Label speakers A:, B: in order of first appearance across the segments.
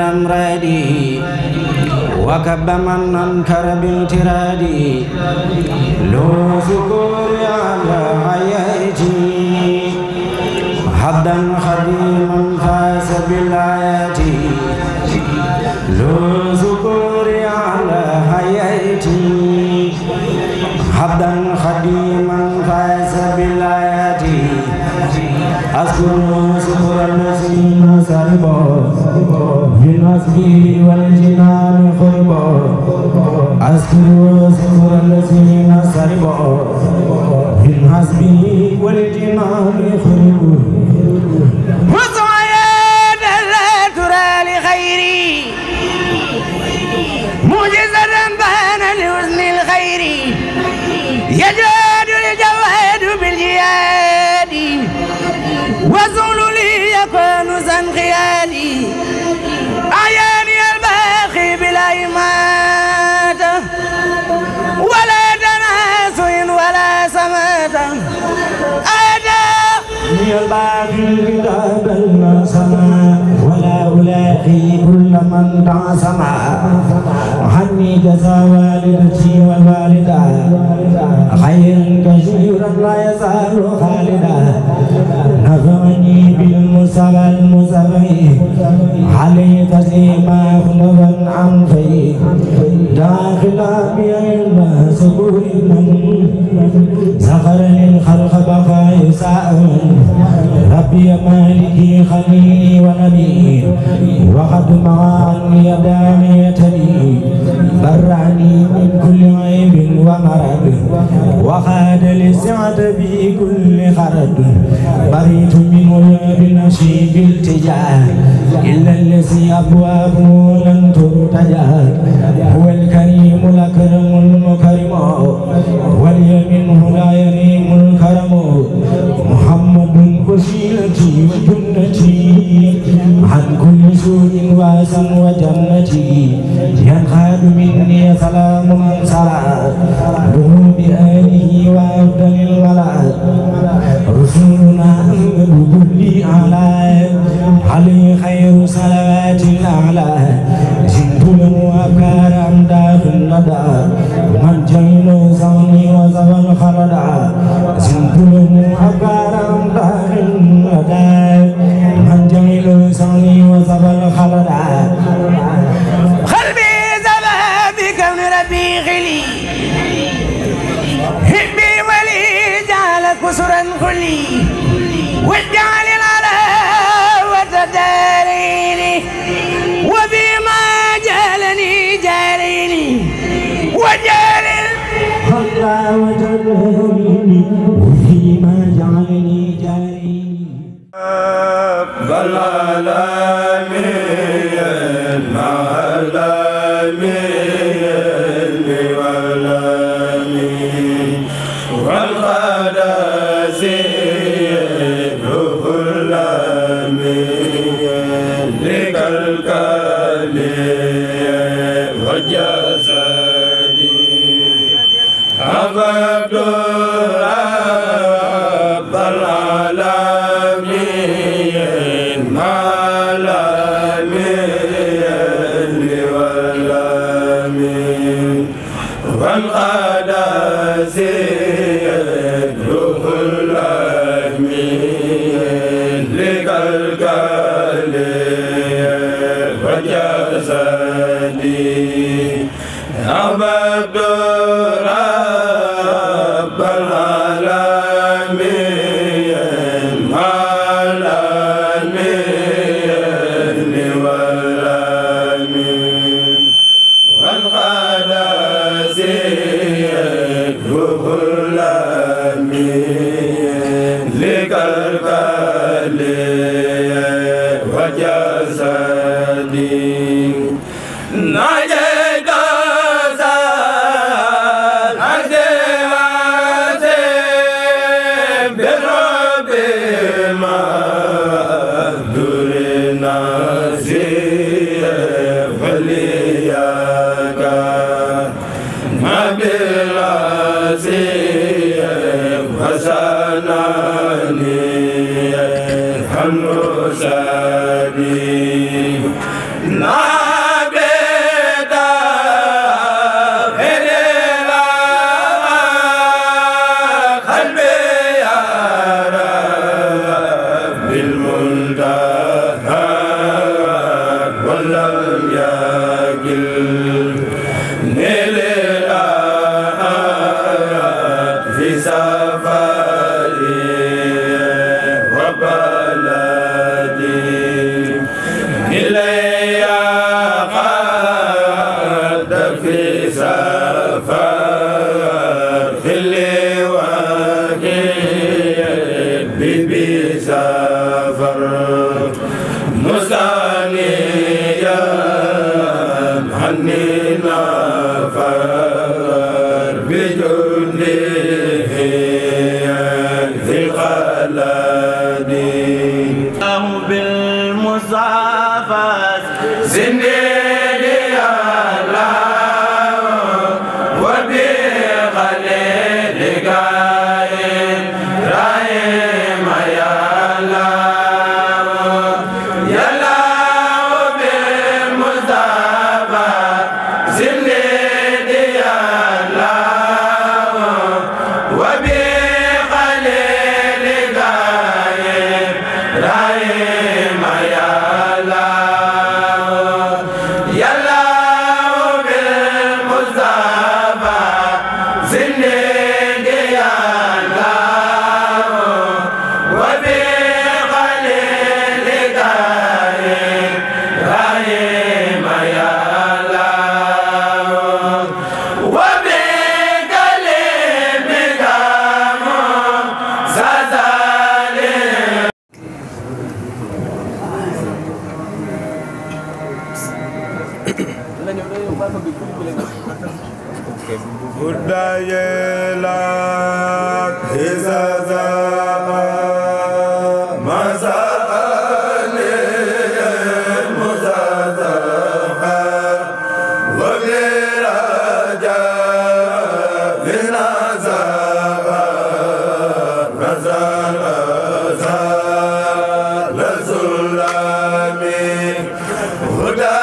A: الأمراض وكب من أنكر بالتراد لو شكور على حياتي حدا بالمسجد والجنان قربا أذكر وأذكر الذي سمع عني جزى والدتي والوالدة خيرا كثيرا لا يزال خالدا نظرني بالمصطفى المصطفى علي تسليما خلوا عن في داخل بيع المسكور من زخر للخلق بقاء ساء ربي مالكي خليلي ونبي وقد معاه يداني تدي براني من كل عيب ومرض وخاد لسعد بي كل خرد بريت من ولاد نشيب التجاه إلا الذي أبوابه
B: huda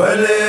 B: wale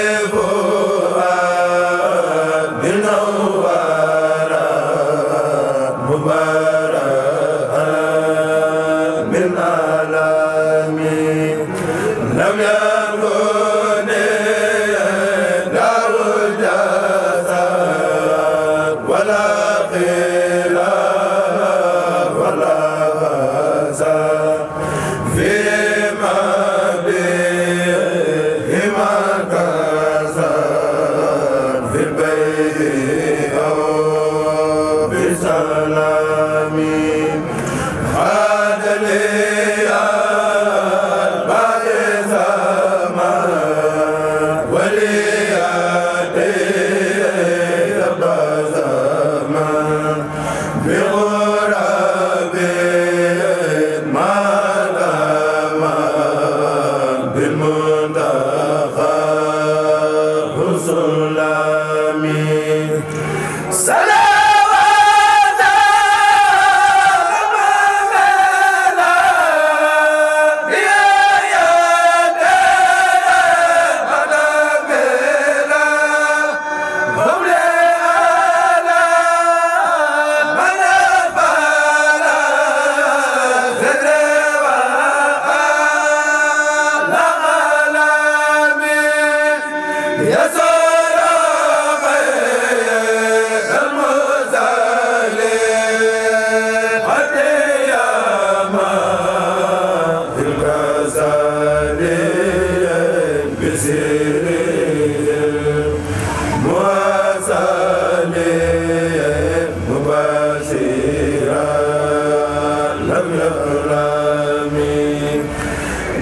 B: بالمنتهى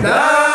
B: daa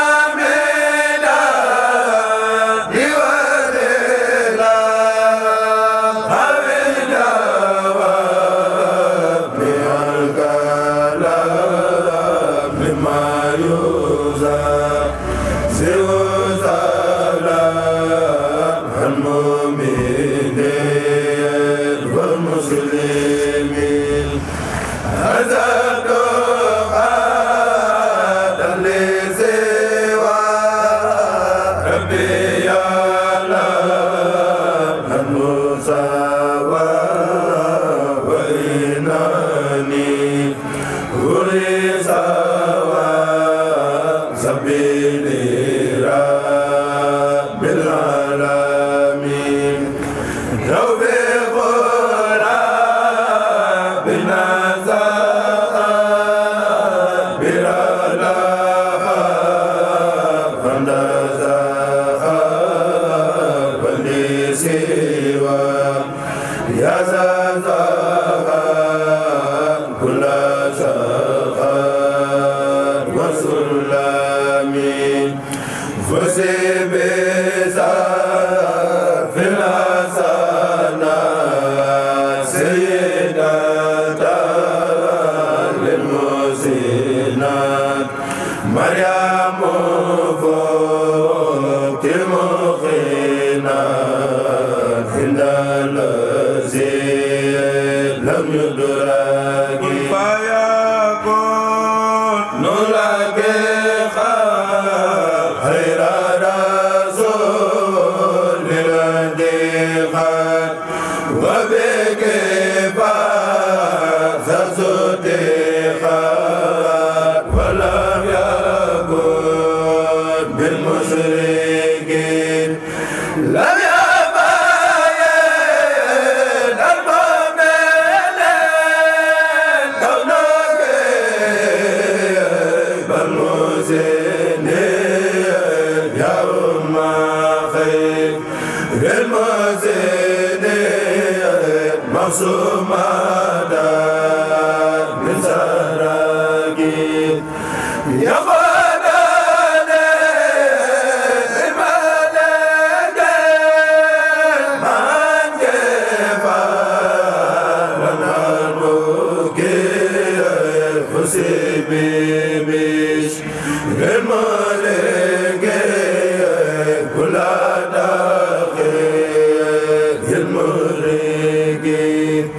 B: العالمين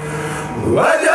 B: وجعل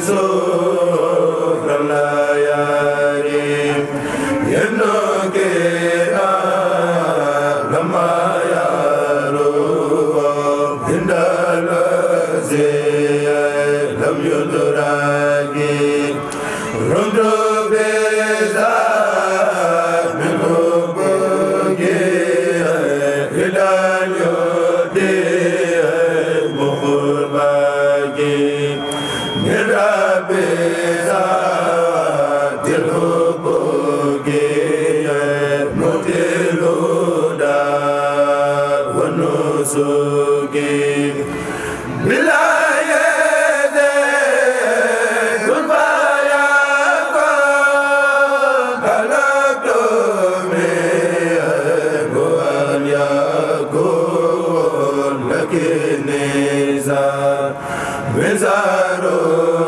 B: so Wizarro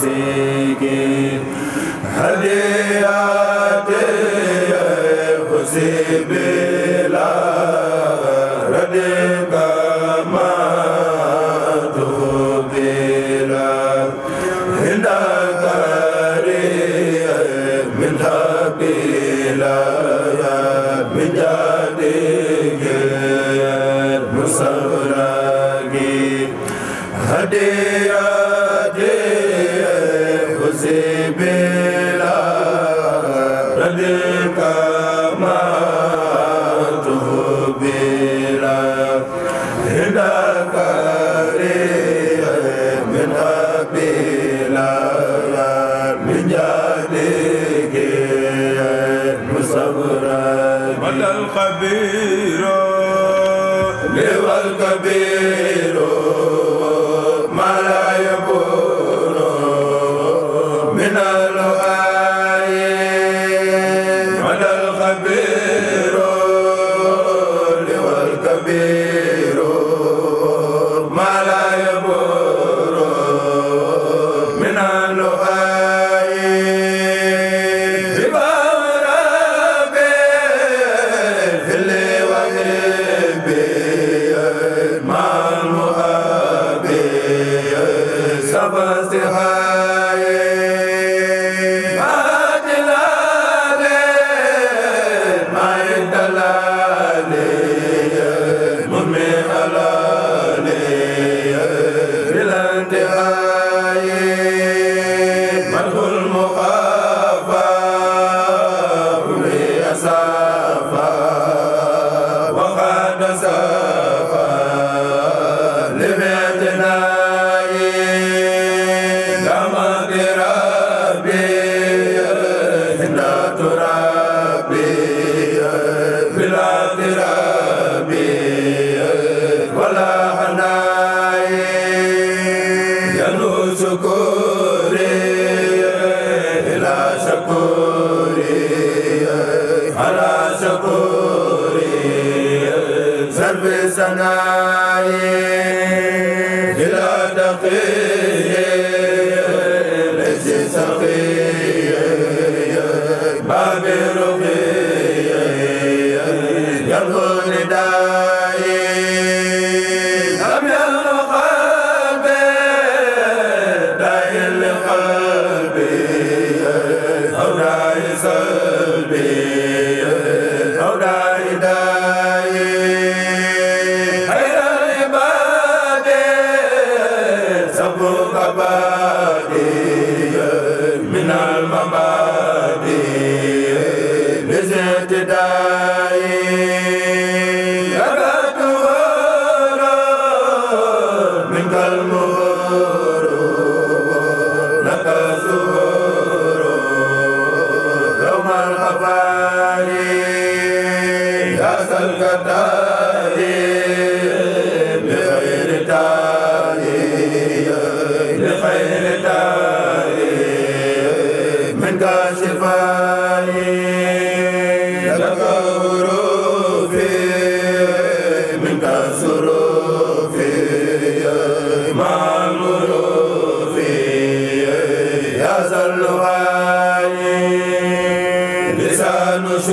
B: سيكين هدياتي حسي بلا ردك ما تبلا هندك من هبيلا من جاديك مسرقين هدياتي Amen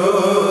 B: so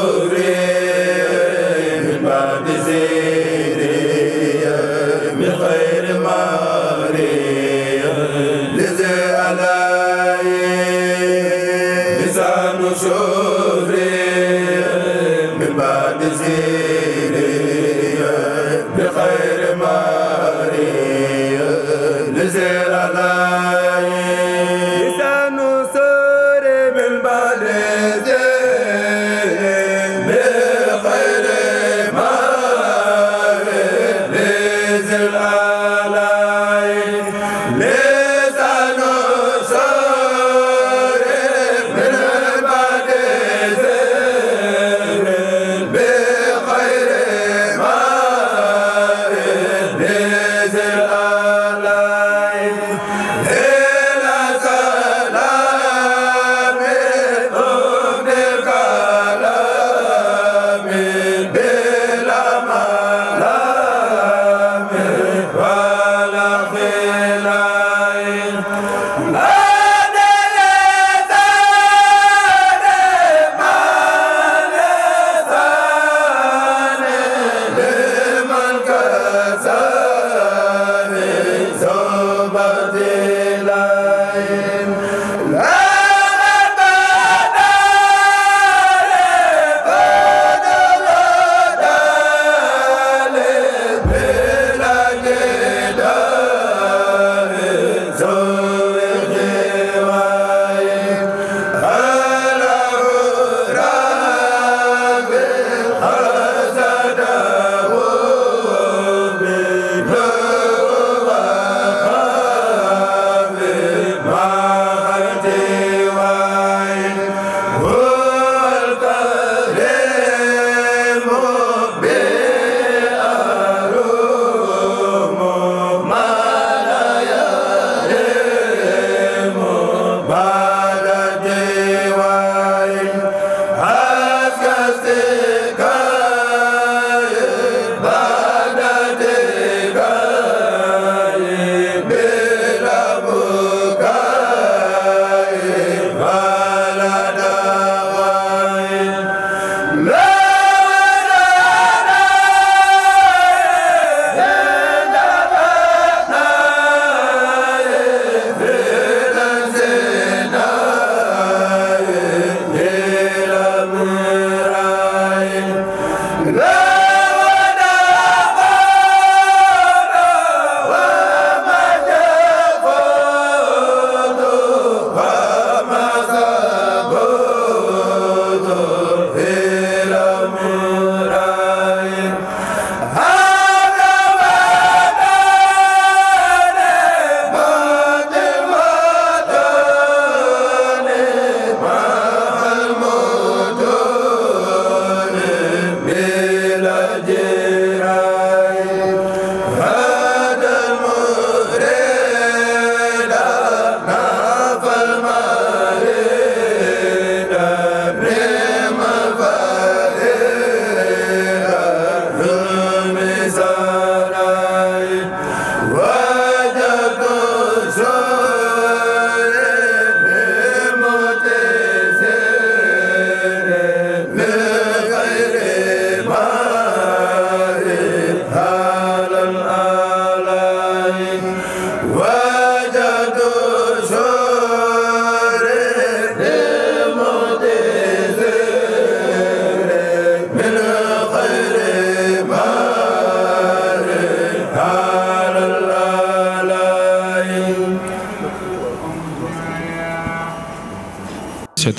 B: wa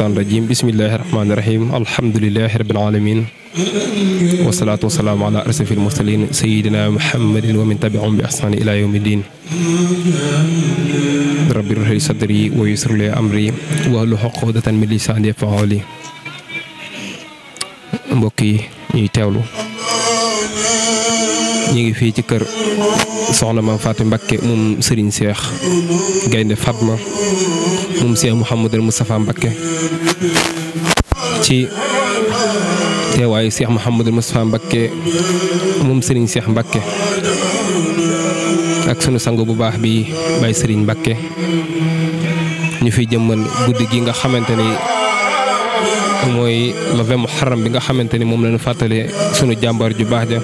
C: sheytaan rajim bismillahi rahmaani rahim alhamdulilahi rabbil alamin wasalaatu wasalaamu ala arsafil mursalin sayidina muhammadin wa min tabiahum bi ihsani ila yawmi din rabbi rahli sadri wa yusr li amri wahlu xoqodatan min lisani faqali mbokk yi ñuy teewlu ñu ngi fii ci kër soxna maam Fatou Mbakke moom Serigne seex Gaynde Fatma moom Cheikh Mouhamadul Moustapha Mbakke ci teewaayu Cheikh Mouhamadul Moustapha Mbakke moom sëriñ seex Mbakke ak sunu sango bu baax bi Baye Serigne Mbakke ñu fi jëmmal guddi gi nga xamante ni mooy le vingt bi nga xamante ni moom lañu fàttale sunu jàmbar ju baax ja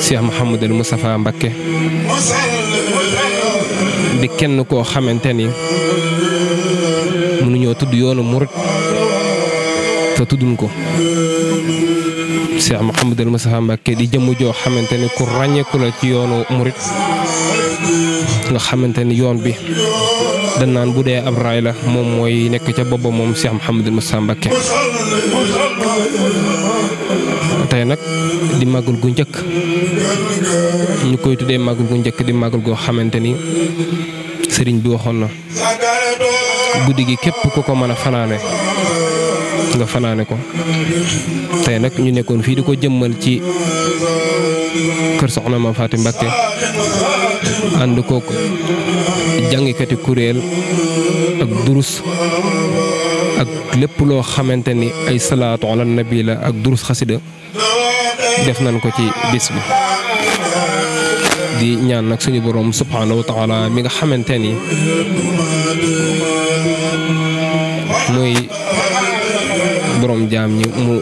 C: Cheikh Mouhamadul Moustapha Mbakke di kenn koo xamante ni mënuñoo tudd yoonu murit te tuddum ko Cheikh Mouhamadul Moustapha Mbakke di jëmm joo xamante ni ku ràññeeku la ci yoonu murit nga xamante ni yoon bi dañ naan bu dee ab raay la moom mooy nekk ca boppam moom Cheikh Mouhamadul Moustapha Mbakke tey nag di màggul gu jëkk ñu koy tuddee màggal gu njëkk di màggal goo xamante ni sëriñ bi waxoon na guddi gi képp ku ko mën a fanaane nga fanaane ko tey nag ñu nekkoon fii di ko jëmmal ci kër soxna ma Faati Mbakke ànd kook jàngikati kuréel ak durus ak lépp loo xamante ni ay salaatu ala nabi ak durus xasida def nañ ko ci bis bi di ñaan nag suñu boroom subhaanahu wa taala mi nga xamante ni muy borom jaam ñi mu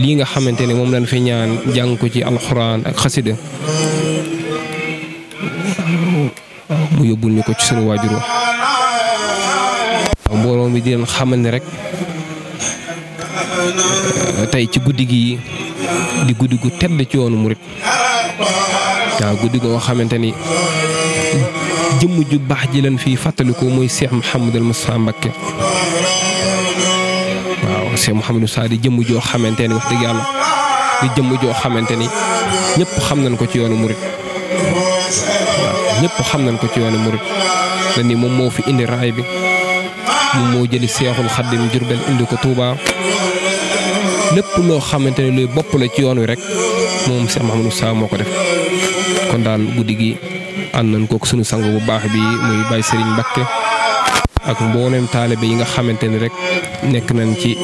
C: lii nga xamante ni moom lañ fi ñaan jàng ko ci alxuraan ak xasida mu yóbbul ñu ko ci suñu waajur wa bi di leen xamal rek tey ci guddi gi di guddi gu tedd ci yoonu murit waaw guddi goo xamante ni jëmm ju baax ji lan fii fàttaliku muy Cheikh Mouhamadul Moustapha Mbacké waaw Cheikh Mouhamadou Sa di jëmm joo xamante ni wax dëgg yàlla di jëmm joo xamante ni ñëpp xam nañ ko ci yoonu murit waaw ñëpp xam nañ ko ci yoonu murit te ni moom moo fi indi raay bi moom moo jëli Seexul Xaddim Jurbel indi ko tuubaa lépp loo xamante ne luy bopp la ci yoon wi rek moom Cheikh Mouhamadou Moustapha moo ko def kon daal guddi gi ànd nañ kook suñu sang bu baax bi muy Baye Serigne Mbacké ak mbooleem taalibe yi nga xamante ni rek nekk nañ ci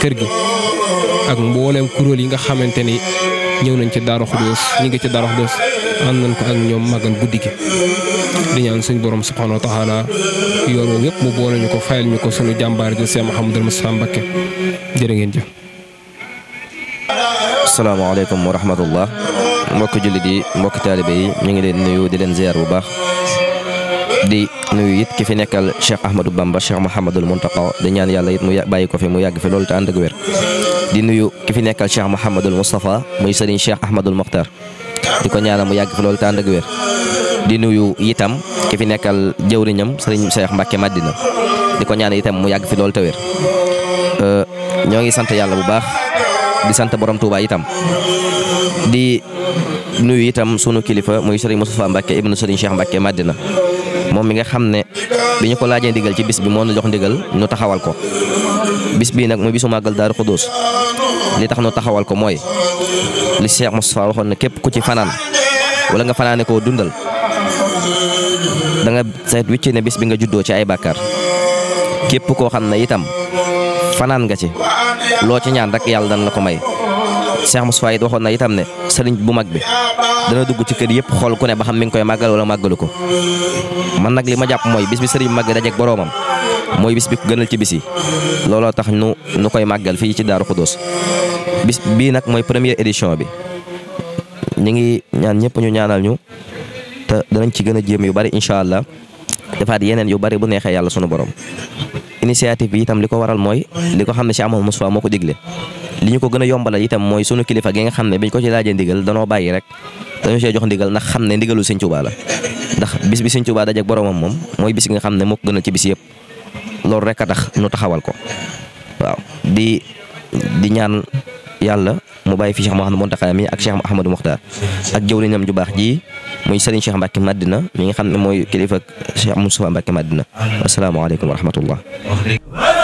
C: kër gi ak mbooleem kuréel yi nga xamante ni ñëw nañ ci Darou Khoudoss ñi ngi ci Darou Khoudoss ànd nañ ko ak ñoom magal guddi gi di ñaan suñu borom subhaanahu wa taala yoon woowu yëpp mu boole ñu ko fayal ñu ko suñu jàmbaar ji Cheikh Mouhamadou Moustapha Mbacké jërë ngeen jëf
D: asalaamaaleykum wa rahmatullah mbokk jullit yi mbokk taalibe yi ñu ngi leen nuyu di leen ziar bu baax di nuyu it ki fi nekkal Cheikh Ahmadou Bamba Cheikh Mouhamadul Mountakha di ñaan yàlla it mu bàyyi ko fi mu yàgg fi loolu te ànd ak wér di nuyu ki fi nekkal Cheikh Mouhamadul Moustapha muy sëriñ Cheikh Ahmadul Mokhtar di ko ñaanal mu yàgg fi loolu te ànd ak di nuyu itam ki fi nekkal jëwriñam sëriñ Cheikh Mbacke Madina di ko ñaan itam mu yàgg fi loolu te wér euh, ñoo ngi sant yàlla bu baax. di sant boroom tuuba itam di nuyu itam sunu kilifa muy sëriñ Moustapha Mbacke ibnu sëriñ Cheikh Mbacke Madina moom mi nga xam ne bi ñu ko laajee ndigal ci bis bi moo nu jox ndigal nu taxawal ko bis bii nag muy bisu màggal Daaru Xudoos li tax nu taxawal ko mooy li Cheikh Moustapha waxoon na képp ku ci fanaan wala nga fanaane ko dundal danga nga wicc ne bis bi nga juddoo ci ay bàkkaar képp koo xam ne itam fanaan nga ci loo ci ñaan rek yàlla dana la ko may Cheikh Moustapha it waxoon na itam ne sëriñ bu mag bi dana dugg ci kër yëpp xool ku ne ba xam mi ngi koy màggal wala màggalu ko man nag li ma jàpp mooy bis bi sëriñ mag bi dajeek boroomam mooy bis bi ko gënal ci bis yi looloo tax nu nu koy màggal fii ci Daaru Xudoos bis bii nag mooy première édition bi ñu ngi ñaan ñëpp ñu ñaanal ñu te danañ ci gën a jéem yu bari incha allah defaat yeneen yu bari bu neexee yàlla sunu borom. initiative bi itam li ko waral mooy li ko xam ne Cheikh Amadou Moustapha moo ko digle li ñu ko gën a yombalal itam mooy sunu kilifa gi nga xam ne biñ ko ci laajee ndigal danoo bàyyi rek dañu see jox ndigal ndax xam ne ndigalu Sëñ Tuubaa la ndax bis bi Sëñ Tuubaa dajeek boromam moom mooy bis nga xam ne moo ko gën a ci bis yëpp loolu rek a tax nu taxawal ko waaw di ñaan yàlla mu bàyyi fi Cheikh Mouhamadou Mountakha mi ak Cheikh Ahmadou Mokhtar ak jëwriñam ju baax ji muy Serigne Cheikh Mbacke Madina mi nga xam ne mooy kilifa Cheikh Moustapha Mbacke Madina asalaamaaleykum wa rahmatullah